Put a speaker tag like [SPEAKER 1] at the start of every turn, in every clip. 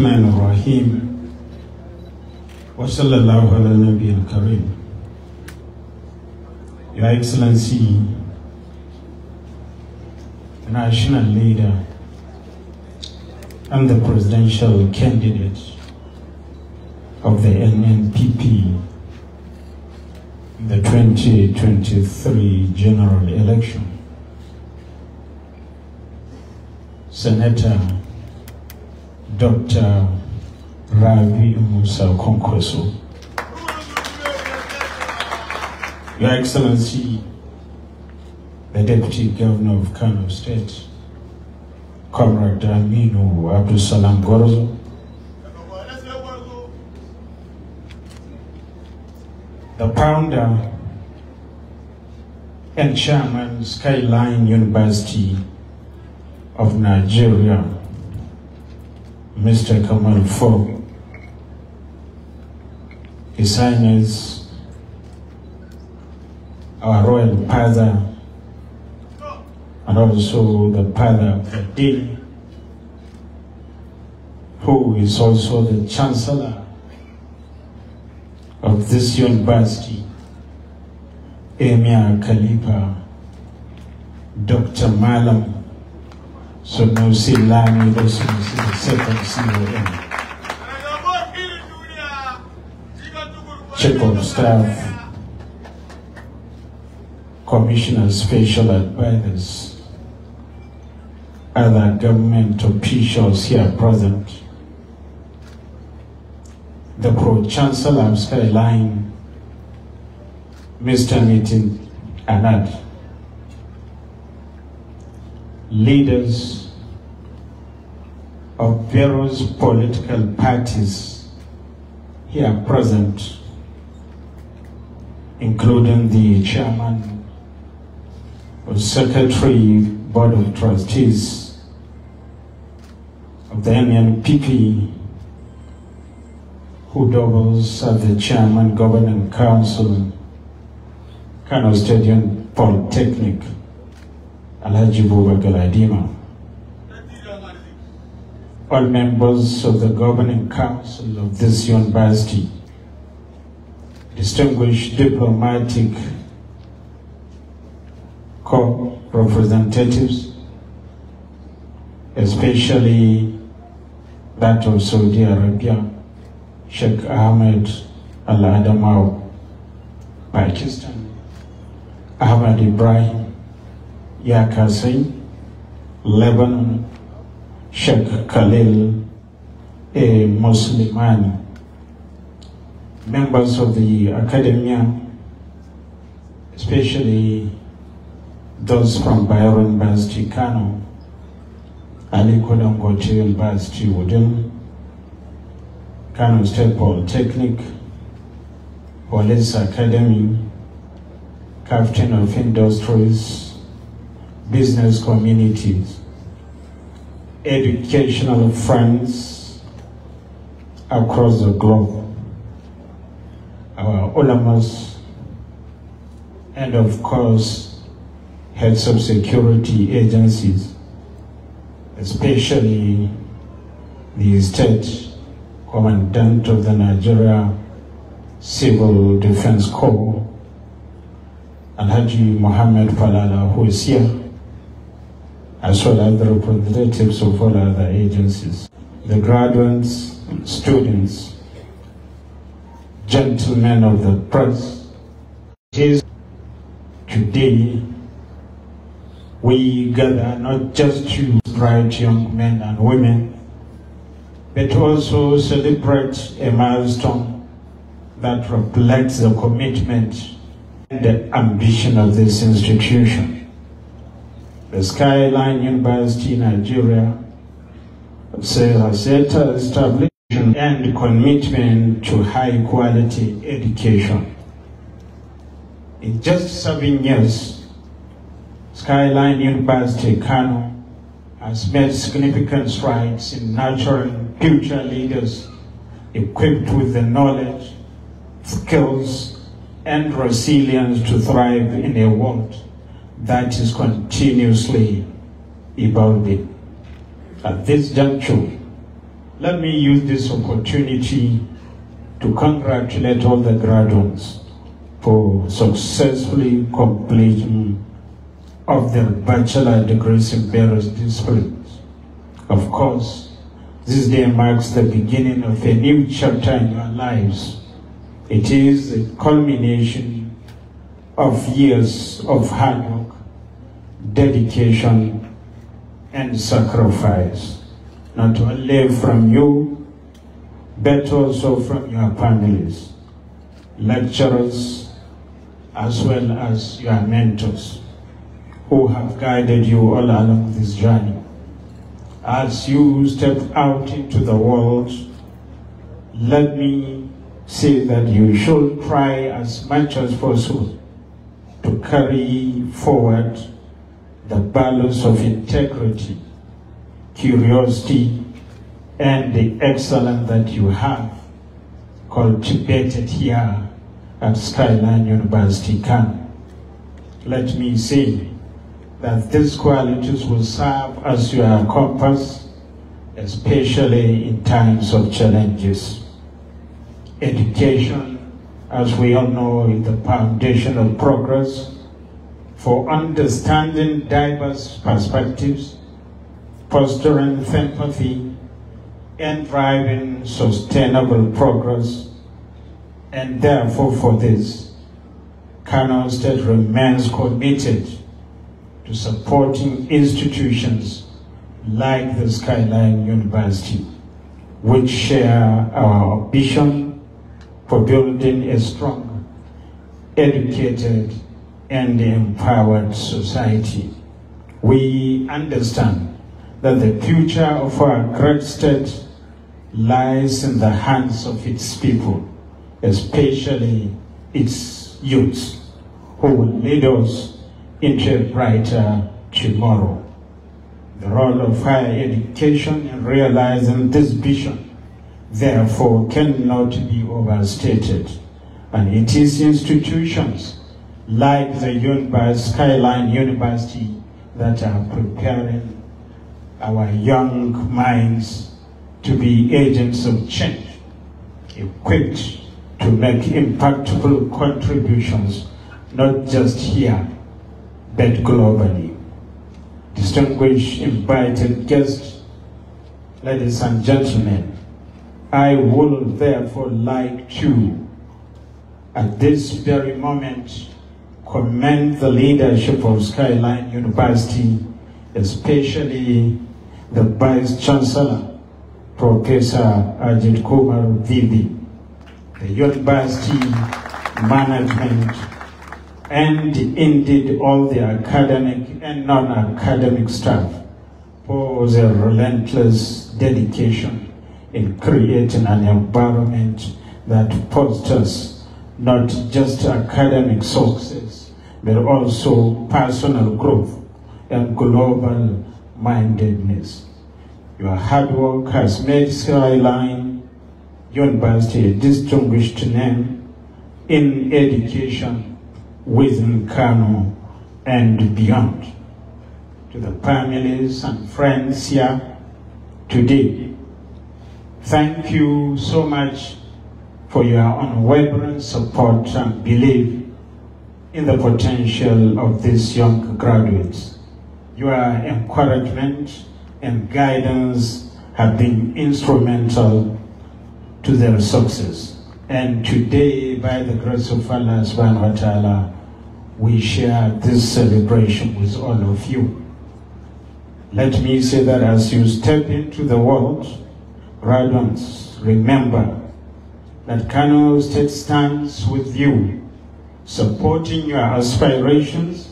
[SPEAKER 1] الرحمن الرحيم وصلى الله على النبي الكريم Your Excellency, the national leader and the presidential candidate of the NNPP in the 2023 general election, Senator Dr. Ravi Musa Konkweso. Your Excellency, the Deputy Governor of Kano State, Comrade Aminu Abdul Salam Gorzo, the founder and chairman Skyline University of Nigeria, Mr. Kamal Fogg. His Highness, our royal father, and also the father of the dean, who is also the chancellor of this university, Emir Khalifa, Dr. Malam so Sono Silani, those the second COM. Chief of Staff, Commissioner Special Advisors, other government officials here present, the Pro-Chancellor of Skyline, Mr. and Anand, leaders of various political parties here present, including the chairman or secretary board of trustees of the NNPP, who doubles as the chairman governing council, Kano Stadium Polytechnic. Alhaji Boubacar Adima, all members of the Governing Council of this university, distinguished diplomatic co representatives, especially that of Saudi Arabia, Sheikh Ahmed Al Adamaw, Pakistan, Ahmed Ibrahim, Yakasi, Lebanon, Sheikh Khalil A. man. members of the academia, especially those from Byron University, Kano, Ali Dangote University, Wudum, Kano State Polytechnic, Police Academy, Captain of Industries, business communities, educational friends across the globe, our ulamas, and of course, heads of security agencies, especially the state commandant of the Nigeria Civil Defense Corps, Alhaji Mohammed Falala, who is here, as well as the representatives of all other agencies. The graduates, students, gentlemen of the press, today we gather not just to bright young men and women, but also celebrate a milestone that reflects the commitment and the ambition of this institution the Skyline University, Nigeria, says I said establishment and commitment to high quality education. In just seven years, Skyline University Kano has made significant strides in nurturing future leaders equipped with the knowledge, skills, and resilience to thrive in a world that is continuously evolving. At this juncture, let me use this opportunity to congratulate all the graduates for successfully completing of their bachelor degrees in various disciplines. Of course, this day marks the beginning of a new chapter in your lives. It is the culmination of years of hard work dedication, and sacrifice, not only from you, but also from your families, lecturers, as well as your mentors who have guided you all along this journey. As you step out into the world, let me say that you should try as much as possible to carry forward the balance of integrity, curiosity, and the excellence that you have cultivated here at Skyline University can. Let me say that these qualities will serve as your compass, especially in times of challenges. Education, as we all know, is the foundation of progress for understanding diverse perspectives, fostering empathy, and driving sustainable progress. And therefore, for this, Kano State remains committed to supporting institutions like the Skyline University, which share our vision for building a strong, educated, and empowered society. We understand that the future of our great state lies in the hands of its people, especially its youth, who will lead us into a brighter tomorrow. The role of higher education in realizing this vision, therefore, cannot be overstated, and it is institutions like the Skyline University that are preparing our young minds to be agents of change, equipped to make impactful contributions, not just here, but globally. Distinguished invited guests, ladies and gentlemen, I would therefore like to, at this very moment, commend the leadership of Skyline University, especially the Vice Chancellor, Professor Ajit Kumar Vivi, the university management, and indeed all the academic and non-academic staff for their relentless dedication in creating an environment that fosters not just academic success, but also personal growth and global mindedness. Your hard work has made Skyline University a distinguished name in education within Kano and beyond. To the families and friends here today, thank you so much for your unwavering support and belief in the potential of these young graduates. Your encouragement and guidance have been instrumental to their success. And today, by the grace of Allah subhanahu wa ta'ala, we share this celebration with all of you. Let me say that as you step into the world, graduates, remember that Kano State stands with you supporting your aspirations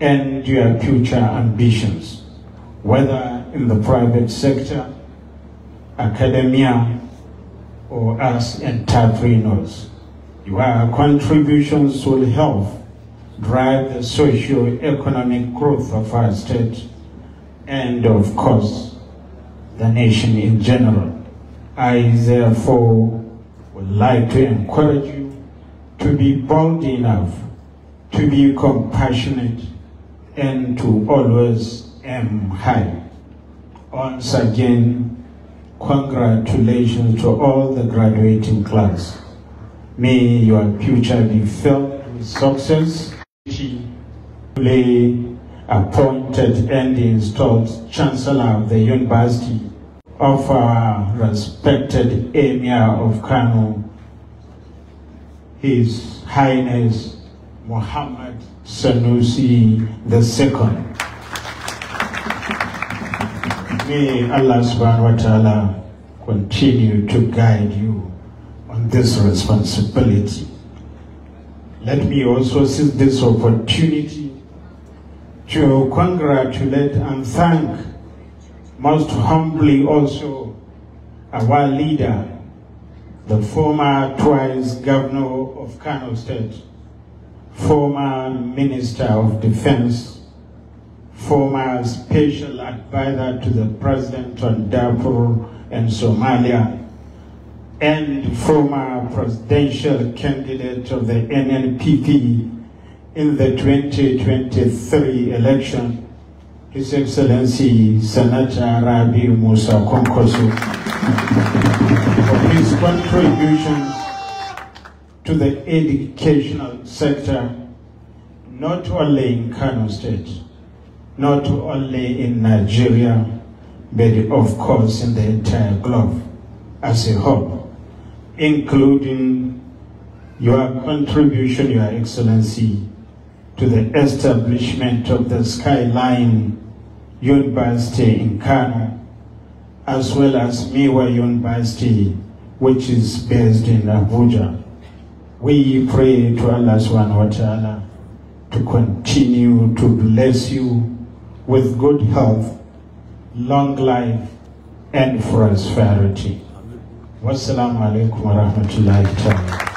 [SPEAKER 1] and your future ambitions, whether in the private sector, academia, or as entrepreneurs. Your contributions will help drive the socio-economic growth of our state and, of course, the nation in general. I, therefore, would like to encourage you to be bold enough, to be compassionate, and to always aim high. Once again, congratulations to all the graduating class. May your future be filled with success. Duly appointed and installed Chancellor of the University of our respected Emir of Kano, his Highness Mohammed Sanusi II. May Allah subhanahu wa ta'ala continue to guide you on this responsibility. Let me also seize this opportunity to congratulate and thank most humbly also our leader, the former twice governor of Kano State, former Minister of Defense, former special advisor to the President on Darfur and Somalia, and former presidential candidate of the NNPP in the 2023 election his Excellency Senator Rabi Musa Konkosu for his contributions to the educational sector, not only in Kano State, not only in Nigeria, but of course in the entire globe as a whole, including your contribution, Your Excellency, to the establishment of the Skyline University in Kano, as well as Miwa University, which is based in Abuja. We pray to Allah subhanahu wa ta'ala to continue to bless you with good health, long life, and prosperity. Wassalamu alaikum